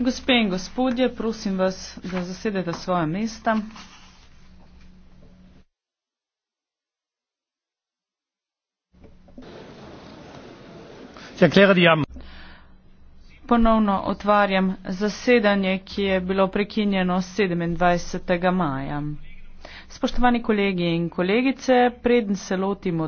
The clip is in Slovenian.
Gospe in gospodje, prosim vas, da zasedete svoje mesta. Ponovno otvarjam zasedanje, ki je bilo prekinjeno 27. maja. Spoštovani kolegi in kolegice, preden se lotimo.